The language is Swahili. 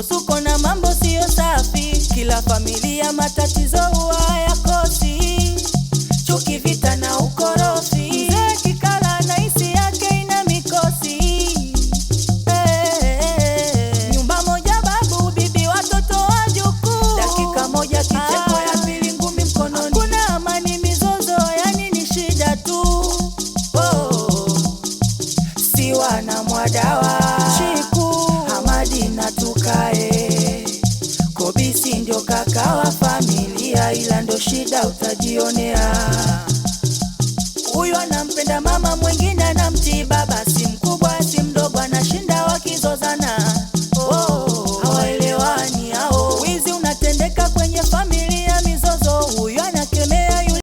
misukosuko na mambo siyo safi, kila familia matatizo huwa yakosi, chuki, vita na ukorofi. Mzee kikala na hisi yake ina mikosi hey, eh, hey, hey. Nyumba moja, babu bibi, watoto wajukuu, dakika moja kicheko ya ah, pili ngumi mkononi, kuna amani, mizozo yani ni shida tu oh, siwa na mwadawa kutoka kawa familia, ila ndo shida utajionea. Huyu anampenda mama, mwingine anamtii baba.